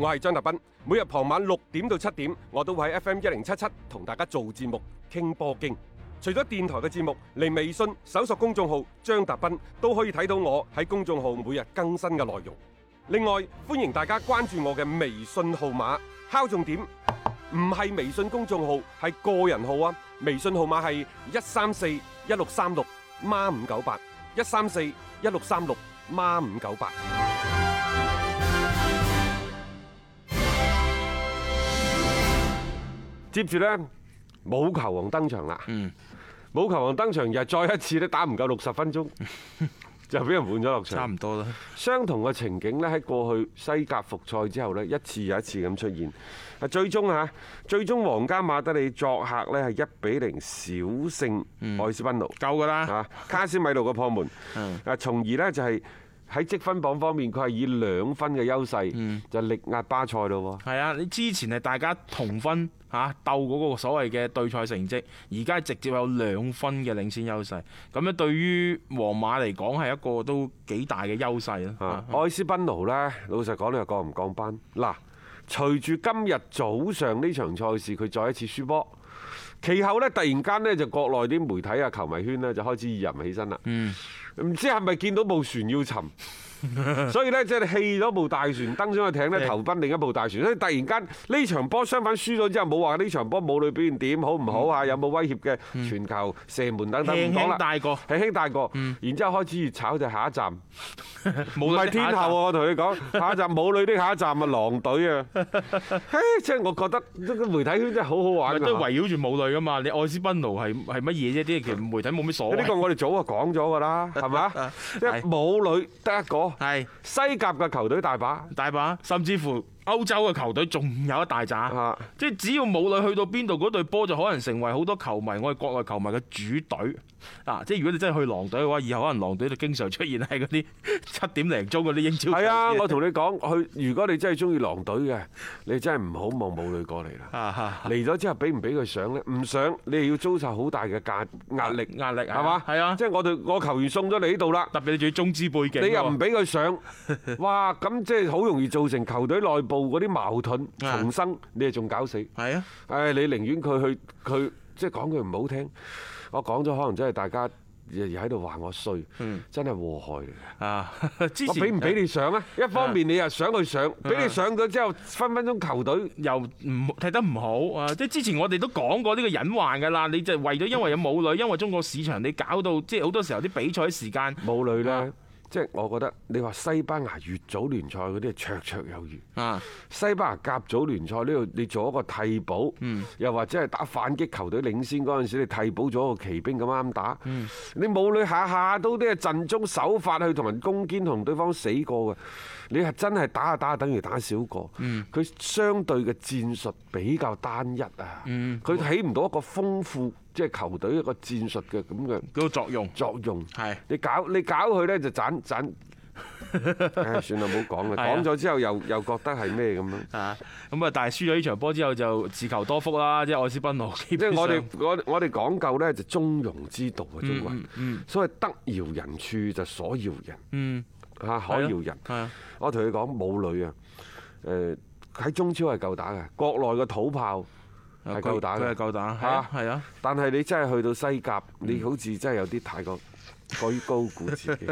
我係張達斌，每日傍晚六點到七點，我都會喺 FM 一零七七同大家做節目傾波經。除咗電台嘅節目，嚟微信搜索公眾號張達斌都可以睇到我喺公眾號每日更新嘅內容。另外，歡迎大家關注我嘅微信號碼，敲重點，唔係微信公眾號，係個人號啊！微信號碼係一三四一六三六孖五九八一三四一六三六孖五九八。接住呢，武球王登場啦。嗯，武球王登場，又再一次咧打唔夠六十分鐘，就俾人換咗落場。 差唔多啦。相同嘅情景呢，喺過去西甲復賽之後呢，一次又一次咁出現。啊，最終啊，最終皇家馬德里作客呢，係一比零小勝愛斯賓奴，嗯、夠噶啦。嚇，卡斯米路嘅破門。啊，嗯、從而呢就係、是。喺積分榜方面，佢係以兩分嘅優勢就力壓巴塞咯喎。係啊，你之前係大家同分嚇鬥嗰個所謂嘅對賽成績，而家直接有兩分嘅領先優勢。咁樣對於皇馬嚟講係一個都幾大嘅優勢啦。愛斯賓奴呢，老實講你又降唔降班？嗱，隨住今日早上呢場賽事，佢再一次輸波。其後咧，突然間咧，就國內啲媒體啊、球迷圈咧，就開始意淫起身啦。嗯，唔知係咪見到部船要沉？所以咧，即係你棄咗部大船，登上個艇咧，投奔另一部大船。所以突然間呢場波相反輸咗之後，冇話呢場波母女表現點好唔好啊？有冇威脅嘅傳球、射門等等。輕輕大過，唔講啦，輕輕大過。嗯。然之後開始越炒就下一站，唔係天后喎，我同你講，下一站母女啲下一站啊狼隊啊。嘿，即係我覺得媒體圈真係好好玩啊！都圍繞住母女噶嘛？你愛斯賓奴係係乜嘢啫？啲其實媒體冇咩所謂。呢個我哋早就講咗噶啦，係咪？即係母女得一個。係西甲嘅球隊大把，大把，甚至乎。歐洲嘅球隊仲有一大紮，即係只要武磊去到邊度，嗰隊波就可能成為好多球迷，我哋國內球迷嘅主隊啊！即係如果你真係去狼隊嘅話，以後可能狼隊就經常出現喺嗰啲七點零鐘嗰啲英超。係啊，我同你講，佢如果你真係中意狼隊嘅，你真係唔好望武磊過嚟啦。嚟咗之後，俾唔俾佢上呢？唔上，你要遭受好大嘅壓壓力壓力係嘛？係啊，即係是的 我隊我球員送咗你呢度啦。特別你仲要中資背景，你又唔俾佢上， 哇！咁即係好容易造成球隊內部，做嗰啲矛盾重生，是的 你又仲搞死？係啊！唉，你寧願佢去佢，即係講句唔好聽。我講咗，可能真係大家日日喺度話我衰，嗯、真係禍害嚟嘅前。啊！我俾唔俾你上咧？一方面是的 你又想去上，俾你上咗之後，分分鐘球隊又唔踢得唔好啊！即係之前我哋都講過呢個隱患㗎啦。你就係為咗因為有武磊，因為中國市場你搞到即係好多時候啲比賽時間武磊啦。即係我覺得，你話西班牙乙組聯賽嗰啲係綽綽有餘。啊，西班牙甲組聯賽呢度你做一個替補，又或者係打反擊球隊領先嗰陣時，你替補咗個奇兵咁啱打。你冇你下下都啲陣中手法去同人攻堅同對方死過嘅，你係真係打下打等於打少個。佢相對嘅戰術比較單一啊，佢起唔到一個豐富。即、就、係、是、球隊一個戰術嘅咁嘅，嗰個作用作用係你搞你搞佢咧就斬斬，唉算啦唔好講啦，講咗是的 之後又又覺得係咩咁樣咁啊！但係輸咗呢場波之後就自求多福啦，即係愛斯賓奴。即係我哋我哋講究咧就中庸之道嘅中、嗯嗯、所謂得饒人處就是、所饒人，嗯啊可饒人我同你講武磊啊，誒喺中超係夠打嘅，國內嘅土炮。係夠膽嘅，夠膽嚇，係啊！啊啊但係你真係去到西甲，你好似真係有啲太過，過於高估自己。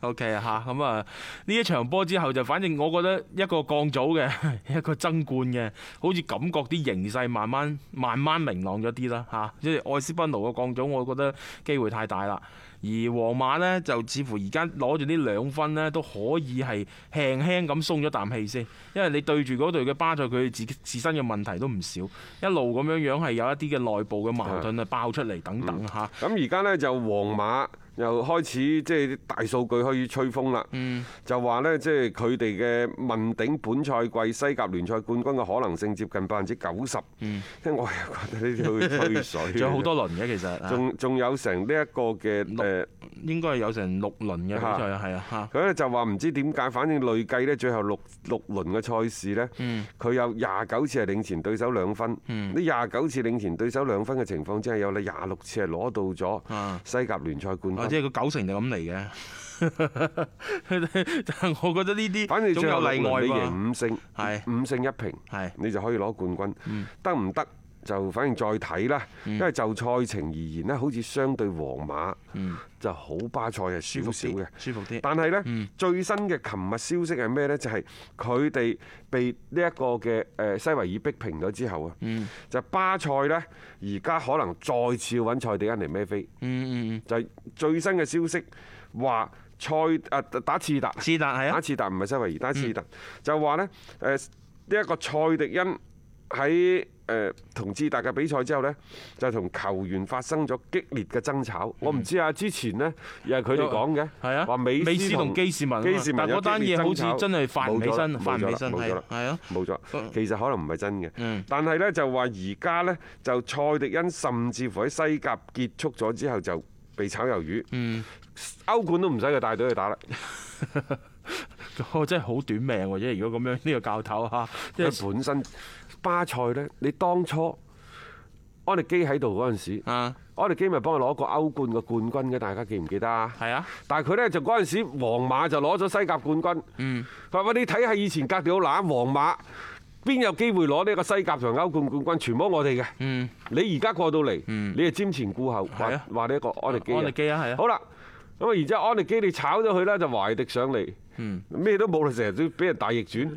O K 吓，嚇咁啊，呢、嗯、一場波之後就，反正我覺得一個降組嘅，一個爭冠嘅，好似感覺啲形勢慢慢慢慢明朗咗啲啦，吓、啊，即係愛斯賓奴嘅降組，我覺得機會太大啦。而皇馬呢，就似乎而家攞住呢兩分呢，都可以係輕輕咁鬆咗啖氣先，因為你對住嗰隊嘅巴塞，佢自自身嘅問題都唔少一，一路咁樣樣係有一啲嘅內部嘅矛盾啊，爆出嚟等等嚇。咁而家呢，就皇馬。又開始即係大數據可以吹風啦，就話呢，即係佢哋嘅問鼎本賽季西甲聯賽冠軍嘅可能性接近百分之九十。嗯，我又覺得呢啲好吹水。仲有好多輪嘅其實，仲仲有成呢一個嘅誒。應該係有成六輪嘅比賽啊，佢咧就話唔知點解，反正累計咧最後六六輪嘅賽事呢，佢有廿九次係領前對手兩分，呢廿九次領前對手兩分嘅情況之下，有你廿六次係攞到咗西甲聯賽冠軍，啊，或者係個九成就咁嚟嘅， 我覺得呢啲，反正仲有例外你喎。贏五是的 勝五勝一平是的 你就可以攞冠軍，得唔得？就反正再睇啦，因為就賽程而言呢，好似相對皇馬、嗯、就好巴塞係舒服少嘅，舒服啲。但係呢，嗯、最新嘅琴日消息係咩呢？就係佢哋被呢一個嘅誒西維爾逼平咗之後啊，嗯、就巴塞呢，而家可能再次要揾賽迪恩嚟孭飛。嗯嗯就最新嘅消息話賽誒打次達，打次達唔係西維爾，打次達、嗯、就話呢，誒呢一個賽迪恩。喺誒同志達嘅比賽之後呢，就同球員發生咗激烈嘅爭吵。我唔知啊，之前呢，又係佢哋講嘅，話美斯同基士文，士文但嗰單嘢好似真係發唔起身，發唔起身，冇錯了了，其實可能唔係真嘅。但係呢，就話而家呢，就蔡迪恩甚至乎喺西甲結束咗之後就被炒魷魚，嗯，歐冠都唔使佢帶隊去打啦。 真係好短命喎，啫！如果咁樣呢，這個教頭吓，因為本身巴塞咧，你當初安力基喺度嗰陣時，啊、嗯，安力基咪幫佢攞過歐冠嘅冠軍嘅，大家記唔記得啊？係啊，但係佢咧就嗰陣時皇馬就攞咗西甲冠軍，看看冠冠嗯，佢你睇下以前隔條欄皇馬邊有機會攞呢個西甲同歐冠冠軍，全部我哋嘅，嗯，你而家過到嚟，你係瞻前顧後，係啊，話你一個安力基安力基啊，係啊，好啦。咁啊，然之後安迪基利炒咗佢啦，就懷迪上嚟，咩、嗯、都冇啦，成日都俾人大逆轉。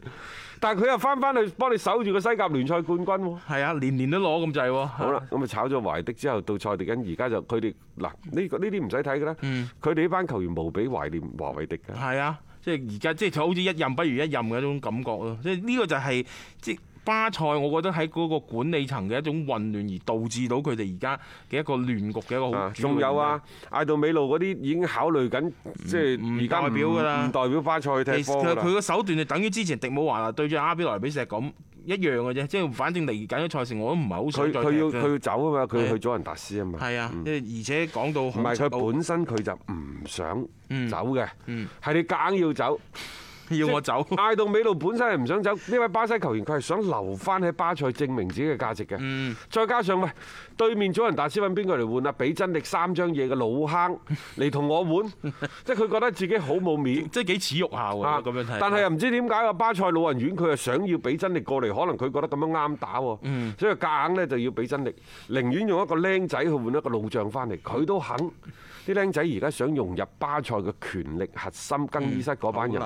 但係佢又翻翻去幫你守住個西甲聯賽冠軍喎。係啊，年年都攞咁滯喎。好啦了，咁啊，炒咗懷迪之後，到賽迪根，而家就佢哋。嗱，呢個呢啲唔使睇㗎啦。佢哋呢班球員無比懷念華偉迪㗎。係啊，即係而家，即係好似一任不如一任嘅一種感覺咯。即係呢個就係、是、即。巴塞，我覺得喺嗰個管理層嘅一種混亂，而導致到佢哋而家嘅一個亂局嘅一個好，仲有啊，艾杜美路嗰啲已經考慮緊，即係唔代表噶啦，唔代表巴塞去踢波啦。其實佢個手段就等於之前迪武華啦，對住阿比萊比錫咁一樣嘅啫，即係反正嚟緊嘅賽事我都唔係好想佢，佢要，要走啊嘛，佢去咗祖雲達斯啊嘛。係啊，而且講到唔係佢本身佢就唔想走嘅，係你硬要走。要我走？嗌到美路本身係唔想走，呢位巴西球員佢係想留翻喺巴塞證明自己嘅價值嘅。再加上、嗯、喂，對面老人大師揾邊個嚟換啊？俾真力三張嘢嘅老坑嚟同我換， 即係佢覺得自己好冇面即，即係幾恥辱下喎。但係又唔知點解個巴塞老人院佢又想要俾真力過嚟，可能佢覺得咁樣啱打喎。嗯、所以夾硬呢，就要俾真力，寧願用一個靚仔去換一個老將翻嚟，佢都肯。啲僆仔而家想融入巴塞嘅權力核心，更衣室嗰班人，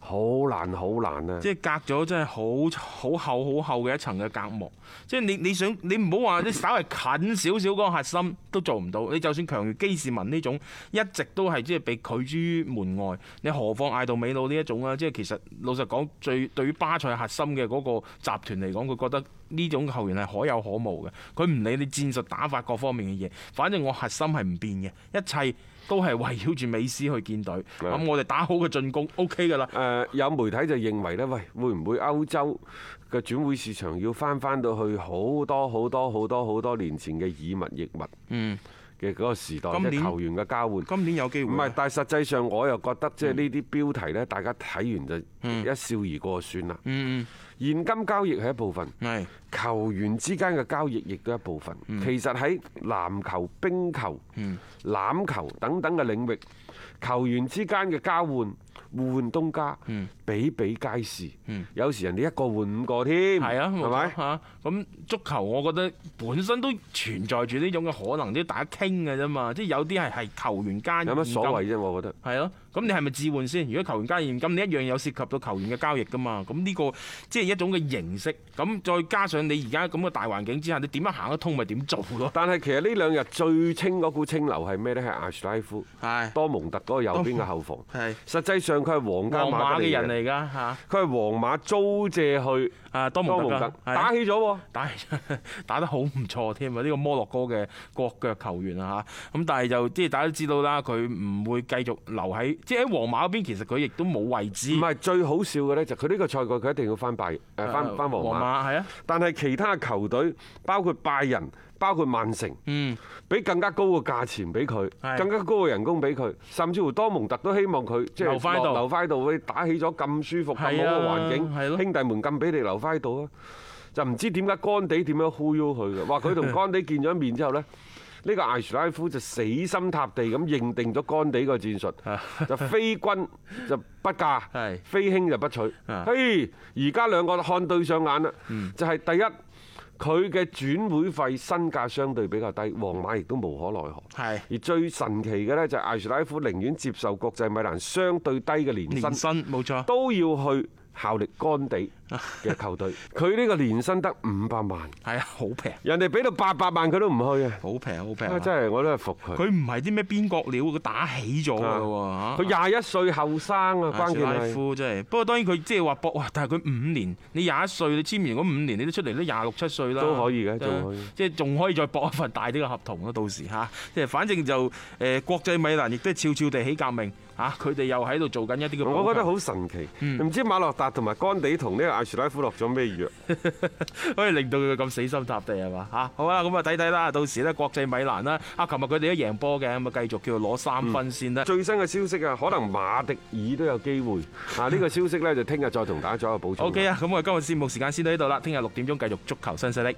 好、嗯、難好難啊！難，即係隔咗，真係好好厚好厚嘅一層嘅隔膜。即係你你想你唔好話你稍微近少少嗰個核心都做唔到。你就算強如基士文呢種一直都係即係被拒諸門外，你何況艾杜美魯呢一種啊？即係其實老實講，最對於巴塞核心嘅嗰個集團嚟講，佢覺得呢種球員係可有可無嘅。佢唔理你戰術打法各方面嘅嘢，反正我核心係唔變嘅一係都係圍繞住美斯去建隊，咁我哋打好個進攻，OK 噶啦。誒，有媒體就認為呢喂，會唔會歐洲嘅轉會市場要翻翻到去好多好多好多好多年前嘅以物易物，易物嗯，嘅嗰個時代即係球員嘅交換，今年有機會。唔係，但係實際上我又覺得即係呢啲標題呢，大家睇完就一笑而過算啦。現金交易係一部分，球員之間嘅交易亦都一部分。其實喺籃球、冰球、籃球等等嘅領域，球員之間嘅交換。換東家，比比皆是。有時人哋一個換五個添，係啊，係咪吓？咁足球我覺得本身都存在住呢種嘅可能，都係大家傾嘅啫嘛。即係有啲係係球員間有乜所謂啫？我覺得係咯。咁你係咪置換先？如果球員加現金，你一樣有涉及到球員嘅交易噶嘛？咁呢個即係一種嘅形式。咁再加上你而家咁嘅大環境之下，你點樣行得通咪點做咯？但係其實呢兩日最清嗰股清流係咩咧？係阿什拉夫，是的 多蒙特嗰右邊嘅後防。係實際上佢係皇家馬嘅人嚟㗎嚇，佢係皇馬租借去啊多蒙特打打，打起咗喎，打打得好唔錯添啊！呢個摩洛哥嘅國腳球員啊嚇，咁但係就即係大家都知道啦，佢唔會繼續留喺。即喺皇馬嗰邊，其實佢亦都冇位置。唔係最好笑嘅咧，就佢呢個賽季佢一定要翻拜，誒翻翻皇馬。係啊。但係其他球隊，包括拜仁、包括曼城，嗯，俾更加高嘅價錢俾佢，更加高嘅人工俾佢，甚至乎多蒙特都希望佢即係留翻喺度，打起咗咁舒服、咁好嘅環境，兄弟們咁俾你留翻喺度啊！就唔知點解乾地點樣忽悠佢嘅？話，佢同乾地見咗面之後咧。呢個艾舒拉夫就死心塌地咁認定咗干地個戰術，就非君就不嫁，非卿就不娶。嘿，而家兩個看對上眼啦，就係第一，佢嘅轉會費身價相對比較低，皇馬亦都無可奈何。係，而最神奇嘅呢就係艾舒拉夫寧願接受國際米蘭相對低嘅年薪，年薪冇錯，都要去效力干地。嘅 球隊，佢呢個年薪得五百萬，係啊，好平。人哋俾到八百萬佢都唔去啊，好平好平。真係我都係服佢。佢唔係啲咩邊角料，佢打起咗嘅喎。佢廿一歲後生啊，的關鍵係。史拉夫真係，不過當然佢即係話搏，但係佢五年，你廿一歲你簽完嗰五年，你出都出嚟都廿六七歲啦。都可以嘅，仲可以，即係是仲可以再搏一份大啲嘅合同咯。到時吓，即係反正就誒國際米蘭亦都係悄悄地起革命嚇，佢哋又喺度做緊一啲咁。我覺得好神奇，唔、嗯、知馬洛達同埋干地同呢、這個。阿什拉夫落咗咩藥，可以 令到佢咁死心塌地係嘛？嚇，好啦，咁啊睇睇啦，到時咧國際米蘭啦，啊，琴日佢哋都贏波嘅，咁啊繼續叫攞三分先啦、嗯。最新嘅消息啊，可能馬迪爾都有機會啊！呢個消息咧就聽日再同大家做一個補充。OK 啊，咁我哋今日節目時間先到呢度啦，聽日六點鐘繼續足球新勢力。